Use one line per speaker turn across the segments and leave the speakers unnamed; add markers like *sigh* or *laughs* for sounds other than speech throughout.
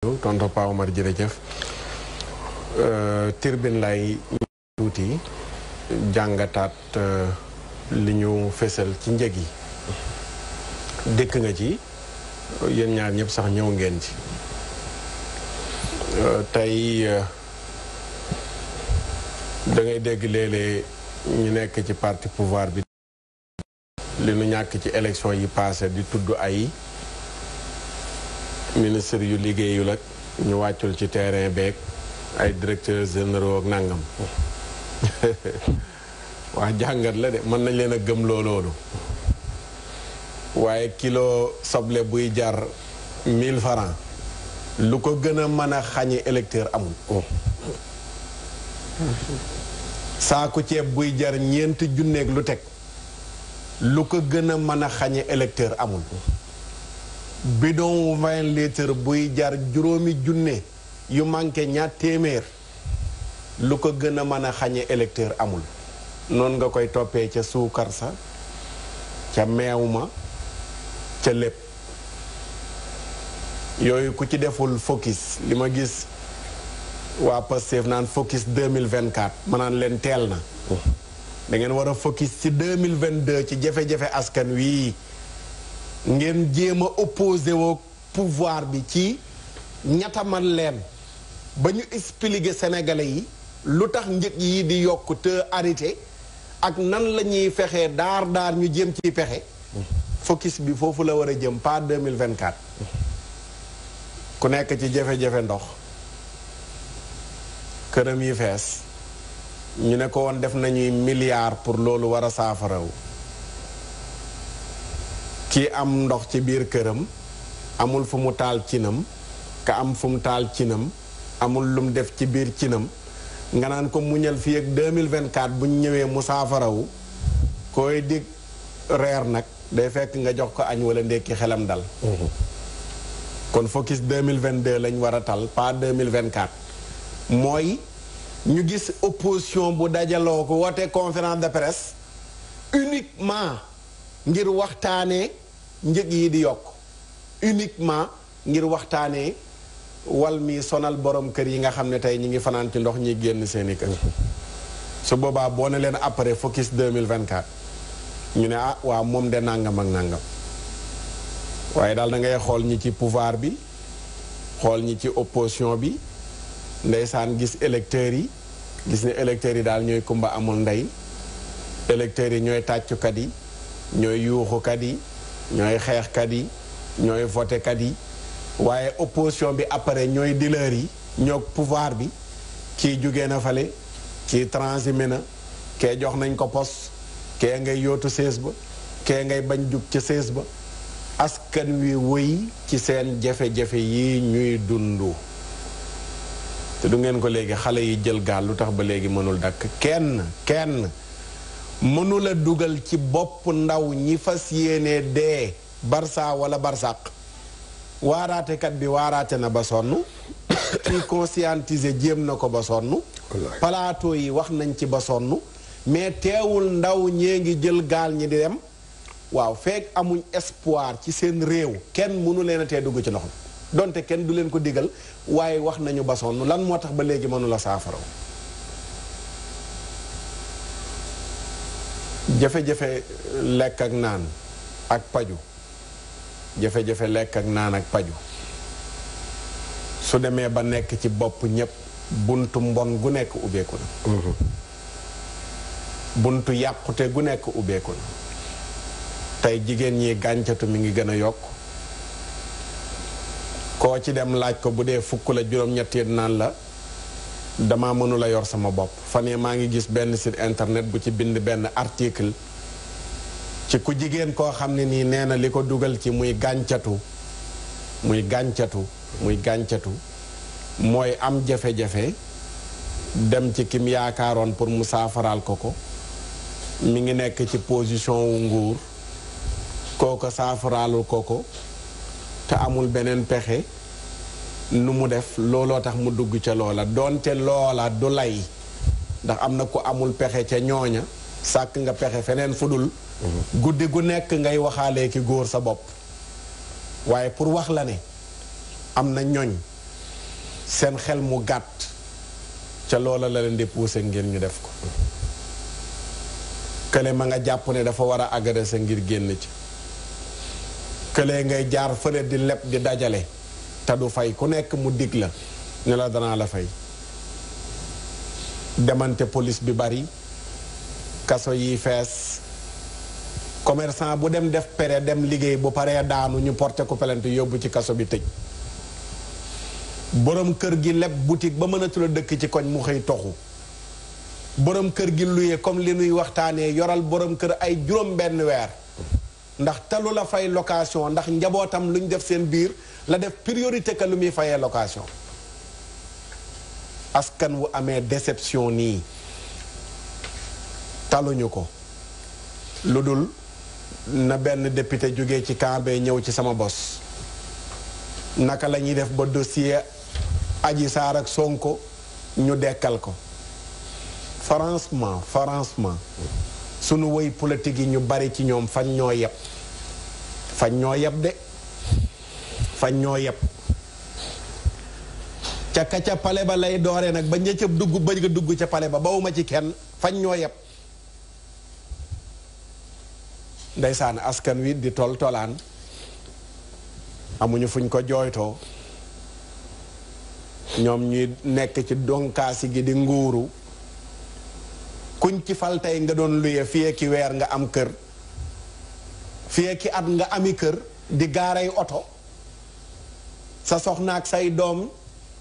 tonto Pa jërëjëf euh, tirbin lay tuuti jàngataat euh, li ñu ci njëg yi dëkk nga ci yéen ñaar ñëpp sax ñëw ngeen ci euh, tey da ngay dégg léeg ñu nekk ci parti pouvoir bi li nu ñàkk ci élection yi passé di tudd ay ministre yu liggéeyul ak ñu wàccul ci terrain beeg ay directeurs généraux ak nangam *laughs* waa jàngat la de mën nañ leen a gëm loolu waaye kilo soble buy jar mille francs lu ko gën a mën a xañe électeur amul saaku ceeb buy jar ñeenti junneeg lu teg lu ko gën a mën a xañe électeur amul bidon vingt litre buy jar juróomi junne yu manqué ñaar téeméer lu ko gën a mën a xañe électeur amul noonu nga koy toppee ca suukar sa ca meew ma ca lépp yooyu ku ci deful focus li ma gis waa Pastef naan focus 2024 ma naan leen teel na oh. da ngeen war a focus ci 2022 ci jafe-jafe askan wii ngeen jéem a opposé woo pouvoir bi ci ñatamal leen ba ñu expliquer sénégalais yi lu tax njëg yi di yokk te arrêté ak nan la ñuy fexee daar daar ñu jéem ci pexe focus bi foofu la war a jëm pas 2024 ku nekk ci jafe-jafe ndox këram yi fees ñu ne ko woon def nañuy milliard pour loolu war a saafarawu ki am ndox ci biir këram amul fu mu taal cinam ka am fu mu taal cinam amul lum def ci biir cinam nga naan ko muñal fii ak 2024 bu ñu ñëwee mu saafarawu koy dig reer nag day fekk nga jox ko añ wala ndekki xelam dal mhm. kon focus 2022 lañ war a tal pas 2024 mooy ñu gis opposition bu dajaloo ko woote conférence de presse uniquement ngir waxtaanee njëg yi di yokk uniquement ngir waxtaanee wal mii sonal borom kër yi nga xam ne tey ñi ngi fanaan ci ndox ñi génn seeni kër su boobaa boo ne leen après focus 2024 ñu ne ah waaw moom de nàngam ak nàngam waaye daal da ngay xool ñi ci pouvoir bi xool ñi ci opposition bi ndeysaan gis électeurs yi gis ne électeurs yi daal ñooy kumba amul ndey électeurs yi ñooy tàccukat yi ñooy yuuxukat yi ñooy xeexkat yi ñooy votekat yi waaye opposition bi après ñooy dealers yi ñoo pouvoir bi kii jóge na fale kii transhumé na kee jox nañ ko pos kee ngay yootu sées ba kee ngay bañ jub ca sées ba askan wi wëy ci seen jafe-jafe yi ñuy dundu te du ngeen ko léegi xale yi jël gaal lu tax ba léegi mënul dakk kenn kenn mënula dugal ci bopp ndaw ñi fas yéenee dee barsa wala barsàq waaraatekat bi waaraate na ba sonn *coughs* kii conscientiser jéem na ko ba sonn palaato yi wax nañ ci ba sonn mais teewul ndaw ñee ngi jël gaal ñi di dem waaw feek amuñ espoir ci seen réew kenn mënu leen a tee dugg ci ndox mi donte kenn du leen ko digal waaye wax nañu ba sonn lan moo tax ba léegi mënula la saafaraw jafe-jafe lekk ak naan ak paju jafe-jafe lekk ak naan ak paju su demee ba nekk ci bopp ñépp buntu mbon gu nekk ubbeeku na mhm. buntu yàqute gu nekk ubbeeku tey jigéen ñi gàncatu mi ngi gën a yokk koo ci dem laaj ko bu dee fukk la juróom-ñett naan la dama mënula yor sama bopp fanee maa ngi gis benn site internet bu ci bind benn article ci ku jigéen koo xam ne nii nee na li ko dugal ci muy gàncatu muy gàncatu muy gàncatu mooy am jafe-jafe dem ci kim yaakaaroon pour mu saafaraal ko ko mu ngi nekk ci position wu nguur kooko saafaraalu ko ko te amul beneen pexe lu mu def looloo tax mu dugg ca loola doonte loola du lay ndax am na ku amul pexe ca ñooña sàkk nga pexe feneen fu dul mhm. guddi gu nekk ngay waxaalee ki góor sa bopp waaye pour wax la ne am na ñoñ seen xel mu gàtt ca loola la leen di pousser ngir ñu def ko kële ma nga jàpp ne dafa war a agresser ngir génn ci kële ngay jaar fële di leb di dajale te du fay ku nekk mu digg la ne la danaa la fay demante police bi bari kaso yi fees commerçant bu dem def pere dem liggéey bu paree daanu ñu porté ko plainte yóbbu ci kaso bi tëj boroom kër gi leb boutique ba mënatula dëkk ci koñ mu xëy toxu borom kër gi luye comme li nuy waxtaanee yoral boroom kër ay juróom benn weer ndax talu la fay location ndax njabootam lu def seen biir la def priorité que lu muy fayee location askan wu amee déception nii taluñu ko lu dul na benn député jóge ci camp ñëw ci sama bos naka lañuy def ba dossier aji saar ak Sonko ñu dekkal ko franchement franchement sunu woy politique yi ñu bari ci ñoom fañ ñoo yeb fañ ñoo yeb de fañ ñoo yeb ca ka ca pale ba lay doore nag ba ñëcca dugg ba nga dugg ca pale ba bawuma ci kenn fañ ñoo yeb ndeysaan askan wi di tol tolaan amuñu fuñ ko jooytoo ñoom ñuy nekk ci donkaasi gi di nguuru kuñ ci fal tey nga doon luye fii ki weer nga am kër fii ki at nga ami kër di gaaray oto sa soxnaak say doom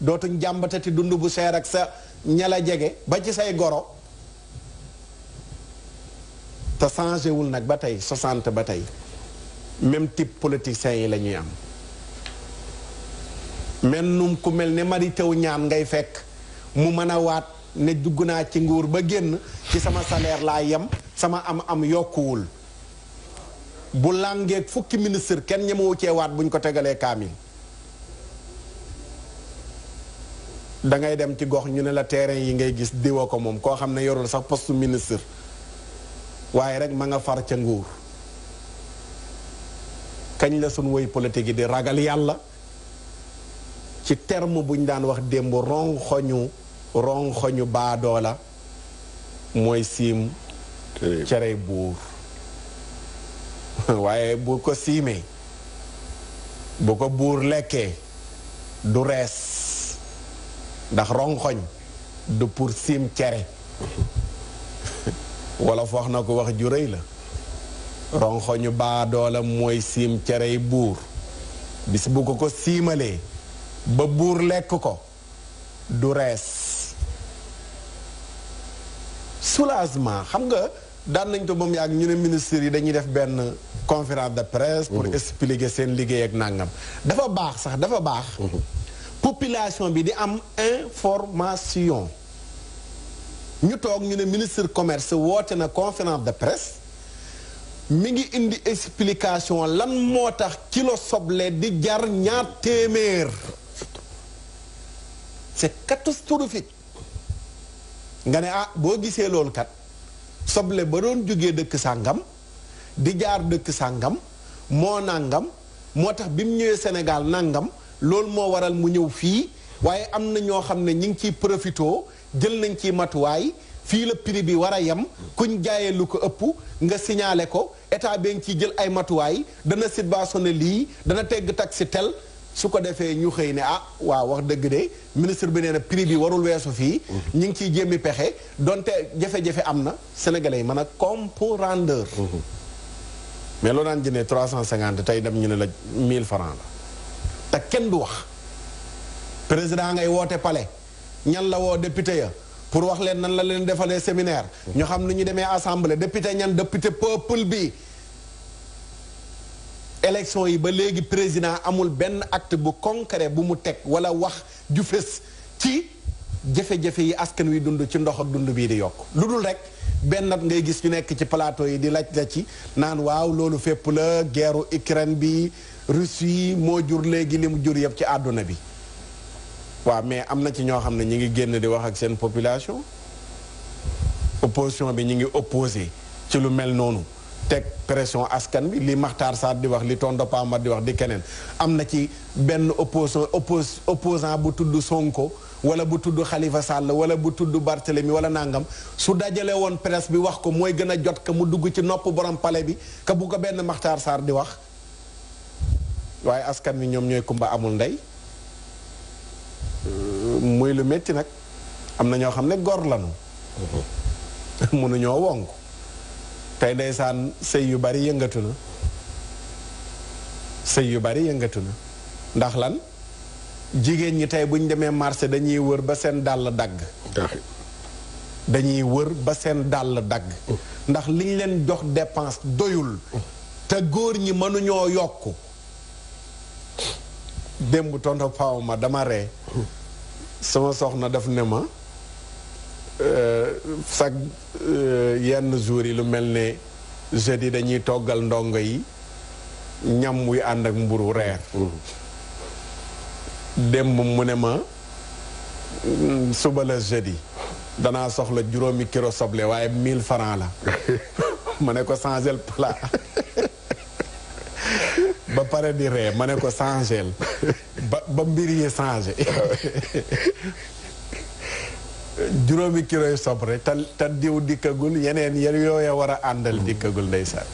dootuñ jàmbatati dund bu seer ak sa ñala jege ba ci say goro te changé wul nag ba tey 60 ba tey même type politiciens yi la ñuy am men num ku mel ne maritew ñaan ngay fekk mu mën a waat ne dugg naa ci nguur ba génn ci sama salaire laa yem sama am-am yokkuwul bu làngeeg fukki ministre kenn ñemewu ceewaat buñ ko tegalee kaamil dangay dem ci gox ñu ne la terrain yi ngay gis diwa ko moom koo xam ne yorul sax poste ministre waaye rek ma nga far ca nguur kañ la suñ woy politique yi di ragal yàlla ci terme buñ daan wax démb rongoñu rongoñu baadoola mooy siim cerey buur *laughs* waaye bu ko siimee bu ko buur lekkee du rees ndax rongoñ du pur siim cere *laughs* wala foox na ko wax ju rëy la rongoñu baadoola mooy siim cerey buur bis bu ko ko siimalee ba buur lekk ko du rees soulagement xam nga daan nañ ko moom yaag ñu ne ministres yi dañuy def benn conférence de presse pour mhm. expliquer seen liggéey ak nàngam dafa baax sax dafa baax mhm. population bi di am information ñu toog ñu ne ministre commerce woote na conférence de presse mi ngi indi explication lan moo tax kilo soble di jar ñaar téeméer c'est catastrophique nga ne ah boo gisee loolu kat soble ba doon jógee dëkk sàngam di jaar dëkk sàngam moo nangam moo tax bi mu ñëwee Sénégal nangam loolu moo waral mu ñëw fii waaye am na ñoo xam ne ñi ngi ciy profitoo jël nañ ci matuwaay fii la prix bi war a yem kuñ jaayee lu ko ëpp nga signalé ko état bi ngi ciy jël ay matuwaay dana subventionné lii dana tegg taxi tel su ko defee ñu xëy ne ah waaw wax dëgg de ministre bi nee na prix bi warul weesu fii. Mhm. ñu ngi ciy jéemi pexe donte jafe-jafe am na sénégale yi mën a comprendre. Mhm. mais loo daan jëndee trois cent cinquante tey dem ñu ne la mille francs la te kenn du wax président ngay woote pale ñan la woo député ya pour wax leen nan la leen defalee séminaire. Mhm. ñu xam nu ñu demee assemblée député ñan député peuple bi. élection yi ba léegi président amul benn act bu concret bu mu teg wala wax ju fës ci jafe-jafe yi askan wi dund ci ndox ak dund bii di yokk lu dul rek benn ngay gis ñu nekk ci palaato yi di laaj la ci naan waaw loolu fépp la geeru Ukraine bi Russie moo jur léegi li mu jur yëpp ci àdduna bi waaw mais am na ci ñoo xam ne ñu ngi génn di wax ak seen population opposition bi ñu ngi opposé ci lu mel noonu teg pression askan bi lii maxtar saar di wax li Tonton Pama di wax di keneen am na ci benn opposition oppos bu tudd Sonko wala bu tudd xalifa Sall wala bu tudd Barthélemy wala nangam su dajale woon presse bi wax ko mooy gën a jot ka mu dugg ci nopp borom pale bi ka bu ko benn Makhtar saar di wax waaye askan wi ñoom ñooy kumba amul ndey muy lu métti nag am na ñoo xam ne gor lanu mm-hmm. *laughs* mënuñoo wonk tey ndeysaan sëy yu bari yëngatu na sëy yu bari yëngatu na ndax lan jigéen ñi tey bu ñu demee marché dañuy wër ba seen dàll dagg dañuy wër ba seen dàll dagg mm. ndax liñ leen jox dépense doyul mm. te góor ñi mënuñoo yokk démb tonto paw ma dama ree mm. sama soxna daf ne ma Euh, sax euh, yenn jours yi lu mel ne jeudi dañuy toggal ndongo yi ñam wuy ànd ak mburu reer démb mu ne ma mm, suba la jeudi danaa soxla juróomi kilo soble waaye mille francs la *laughs* ma ne ko changel plat *laughs* ba pare di ree ma ne ko changel ba ba mbir yi *laughs* juróomi kilo yu sobre te te diw dikkagul yeneen yar yooya war a àndal mm-hmm. dikkagul ndeysaan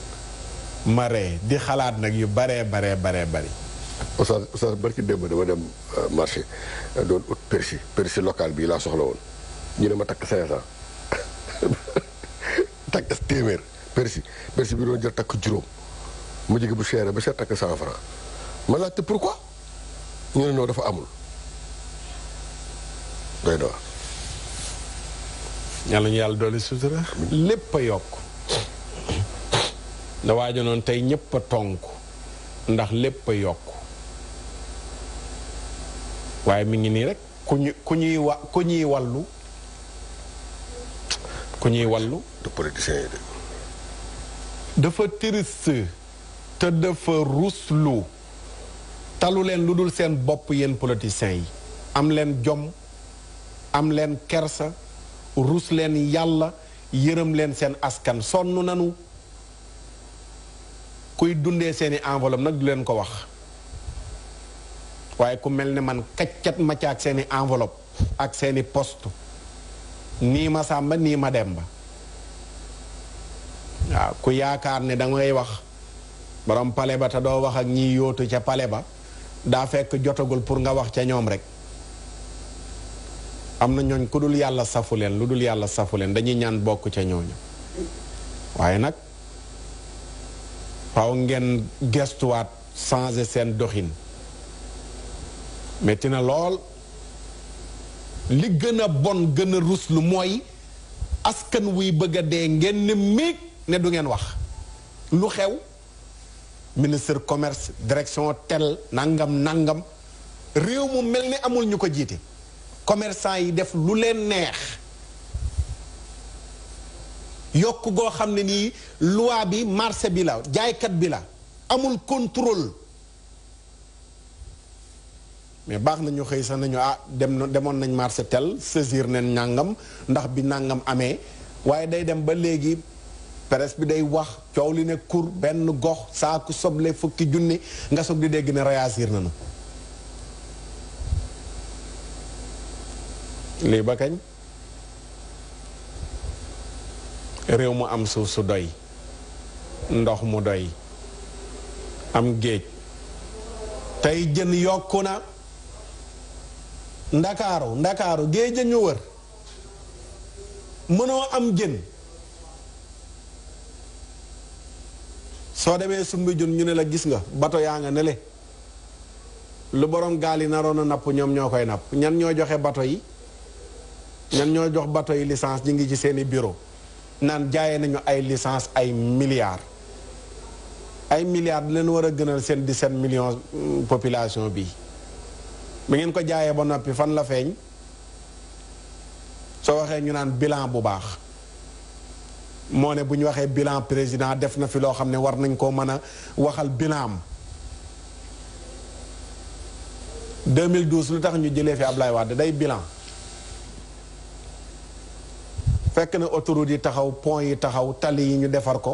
mare di xalaat nag yu baree baree baree bari oustaz oustaz barki démb dama dem euh, marché euh, doon ut persil persil local bii laa soxla woon ñu ne ma takk 500 *laughs* takk téeméer persil persil bi doon jël takk juróom mu jege bu cher ba cher takk 100 francs ma laajte pourquoi ñu ne noo dafa amul doy na yàlla yàlla doole sutura lépp a yokk la waa noonu tey ñépp tonk ndax lépp yokk waaye mi ngi nii rek ku ñu ñuy wa ku ñuy wàllu ku ñuy wàllu de dafa triste te dafa ruslu talu leen lu dul seen bopp yéen politiciens yi am leen jom am leen kersa rus leen yàlla yërëm leen seen askan sonn nanu kuy dundee seeni enveloppe nag du leen ko wax waaye ku mel ni man kaccat ma seeni enveloppe ak seeni poste nii ma sàmba nii ma demba waaw ku yaakaar ne dangay wax borom pale ba te doo wax ak ñiy yóotu ca pale ba daa fekk jotagul pour nga wax ca ñoom rek am na ñooñ ku dul yàlla safu leen lu dul yàlla safu leen dañuy ñaan bokk ca ñooñu waaye nag faaw ngeen gestuwaat changer seen doxin metti na lool li gën a bon gën a ruslu mooy askan wuy bëgg a dee ngeen ne méeg ne du ngeen wax lu xew ministre commerce direction tel nangam nangam réew mu mel ni amul ñu ko jiite commerçant yi def lu leen neex yokk goo xam ne nii loi bi marché bi la jaaykat bi la amul contrôle mais baax nañu ñu xëy sax nañu ah dem na demoon nañ marché tel saisir neen nàngam ndax bi nàngam amee waaye day dem ba léegi presse bi day wax coow li ne kur benn gox saaku soble fukki junni nga soog di dégg ne réagir nañu lii ba kañ réew mu am suuf su doy ndox mu doy am géej tey jën yokku na ndakaaru ndakaaru géej a ñu wër mënoo am jën soo demee sumbi jun ñu ne la gis nga bato yaa nga nele lu boroom gaal yi naroon a napp ñoom ñoo koy napp ñan ñoo joxe bato yi ñan ñoo jox bateau yi licence ñu ngi ci seen i bureau naan jaayee nañu ay licence ay milliards ay milliards leen war a gënal seen di 17 million mm, population bi bi ngeen ko jaayee ba noppi fan la feeñ soo waxee ñu naan bilan bu baax moo ne bu ñu waxee bilan président def na fi loo xam ne war nañ koo mën a waxal bilan am 2012 lu tax ñu jëlee fi ab lay Wade day bilan fekk na autoroute yi taxaw pont yi taxaw tali yi ñu defar ko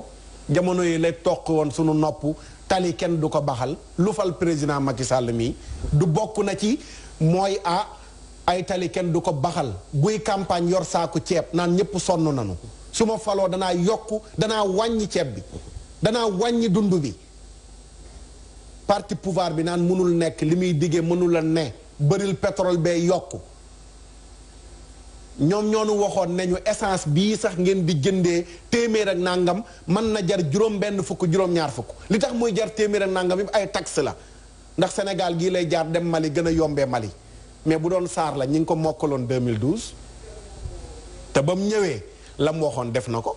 jamono yi lay toq woon suñu nopp tali kenn du ko baxal lu fal président Macky Sall mii du bokk na ci mooy ah ay tali kenn du ko baxal buy campagne yor saaku ceeb naan ñëpp sonn nañu su ma faloo danaa yokk danaa wàññi ceeb bi danaa wàññi dund bi parti pouvoir bi naan mënul nekk li muy diggee mënul a ne bëril pétrole bee yokk ñoom ñoo nu waxoon nañu essence bii sax ngeen di jëndee téeméer ak nangam mën na jar juróom benn fukk juróom ñaar fukk li tax muy jar téeméer ak nangam yi ay taxe la ndax Sénégal gii lay jaar dem Mali gën a yombee Mali mais bu doon saar la ñi ngi ko mokkaloon 2012 te ba mu ñëwee la mu waxoon def na ko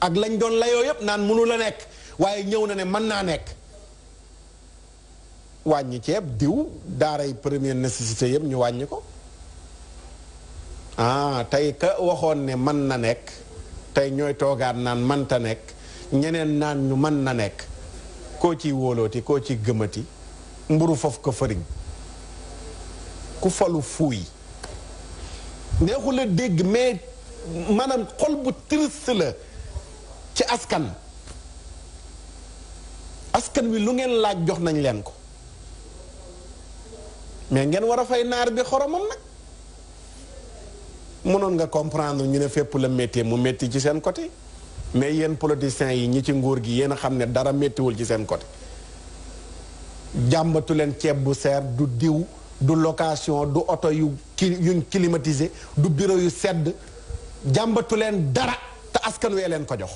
ak lañ doon layoo yëpp naan mënu la nekk waaye ñëw na ne mën naa nekk wàññi ceeb diw daaray première nécessité yëpp ñu wàññi ko ah tey ka waxoon ne man na nekk tey ñooy toogaat naan manta nekk ñeneen naan ñu man na nekk koo ciy wóolooti koo ciy gëmati mburu foofu ko fëriñ ku falu fuuy neexu dégg mais maanaam xol bu triste la ci askan askan wi lu ngeen laaj jox nañ leen ko mais ngeen war a fay naar bi xoromam nag mënoon nga comprendre ñu ne fépp la métti mu métti ci seen côté mais yéen politiciens yi ñi ci nguur gi yéen a xam ne dara méttiwul ci seen côté jàmbatu leen ceeb bu seer du diw du location du oto yu ki yuñ du bureau yu sedd jàmbatu leen dara te askan wee leen ko jox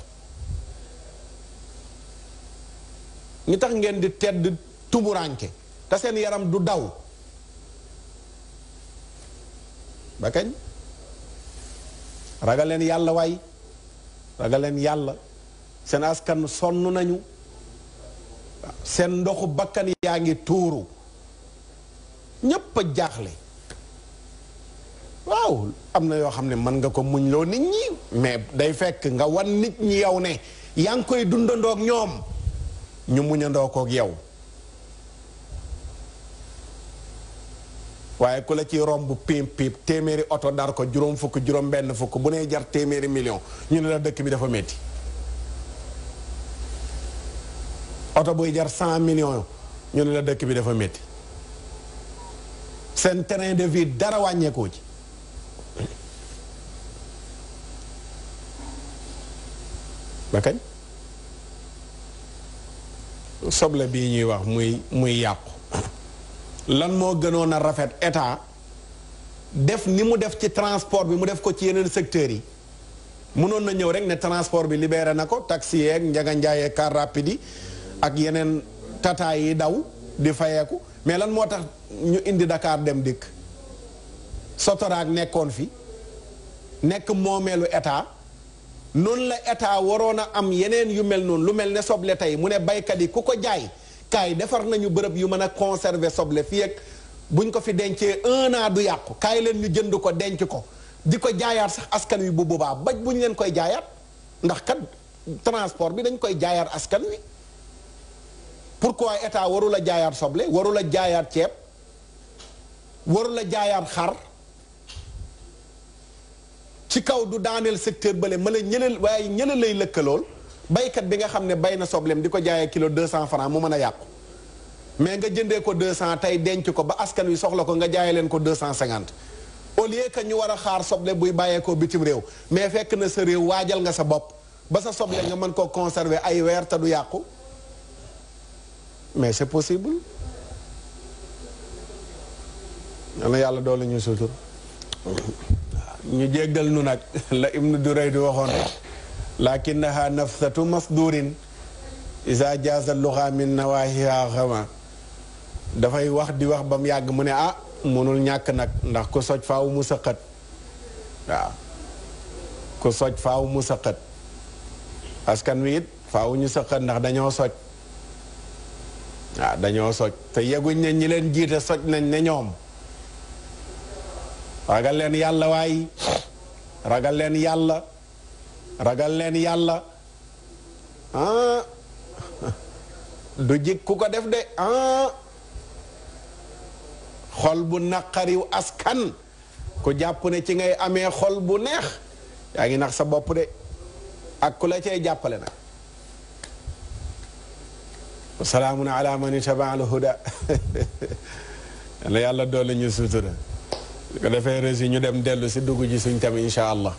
ñu tax ngeen di tedd tumuraanke te seen yaram du daw ragaleen yàlla waay ragaleen yàlla seen askan sonn nañu seen ndoxu bakkan yaa ngi tuuru ñépp a jaaxle waaw am na yoo xam ne mën nga ko muñ loo nit ñi mais day fekk nga wan nit ñi yow ne yaa ngi koy dundandook ñoom ñu muñandoo koog yow waaye ku la ci romb piip piip téeméeri oto dar ko juróom fukk juróom benn fukk bu ne jar téeméeri million ñu ne la dëkk bi dafa métti oto buy jar cent million ñu ne la dëkk bi dafa metti seen terrain de vie dara wàññeekoo ci ba kañ soble bii ñuy wax muy muy yàqu lan moo gënoon a rafet état def ni mu def ci transport bi mu def ko ci yeneen secteurs yi mënoon na ñëw rek ne transport bi libere na ko taxi yeeg njaga njaaye car rapide ak yeneen tata yi daw di fayeeku mais lan moo tax ñu indi Dakar dem dikk sotoraak nekkoon fi nekk moo moomeelu état noonu la état waroon a am yeneen yu mel noonu lu mel ne soble tey mu ne baykat yi ku ko jaay kaay defar nañu bërëb yu mën a conserver soble fii ak buñ ko fi dencee un du yàqu kaay leen ñu jënd ko denc ko di ko jaayaat sax askan wi bu boobaa baj buñ leen koy jaayaat ndax kat transport bi dañ koy jaayaat askan wi pour pourquoi état warul a jaayaat soble warul a jaayaat ceeb warul a jaayaat xar ci kaw du daaneel secteur bële mën a ñëlal waaye ñëla lay lëkkalool baykat bi nga xam ne bay na soblem di ko jaayee kilo 200 francs mu mën a yàqu mais nga jëndee ko deux 200 tey denc ko ba askan wi soxla ko nga jaayee leen ko 250 au lieu que ñu war a xaar soble buy bàyyeekoo bitim réew mais fekk na sa réew waajal nga sa bopp ba sa soble nga mën koo conserver ay weer te du yàqu mais c'est possible. na yàlla doole ñu sutur ñu jéggal nu nag la Ibnu Duray di waxoon. lakinnaha nafsatu masdurin isa jaasa luxa min nawaahiha xama dafay wax di wax ba mu yàgg mu ne ah mënul ñàkk nag ndax ku soj faaw mu sëqat waaw ku soj faaw mu sëqat askan wiit it faaw ñu sëqat ndax dañoo soj waaw dañoo soj te yeguñ ne ñi leen jiite soj nañ ne ñoom ragal leen yàlla waay ragal leen yàlla ragal leen yàlla ah *laughs* du jik ku ko def de ah xol bu naqariw askan ku jàpp ne ci ngay amee xol bu neex yaa ngi nax sa bopp de ak ku la cay jàppale nag wasalaamun ala man itaba al huda *laughs* yàlla doole ñu sutura su ko defee rési ñu dem dellu si dugg ji suñ tam incha allah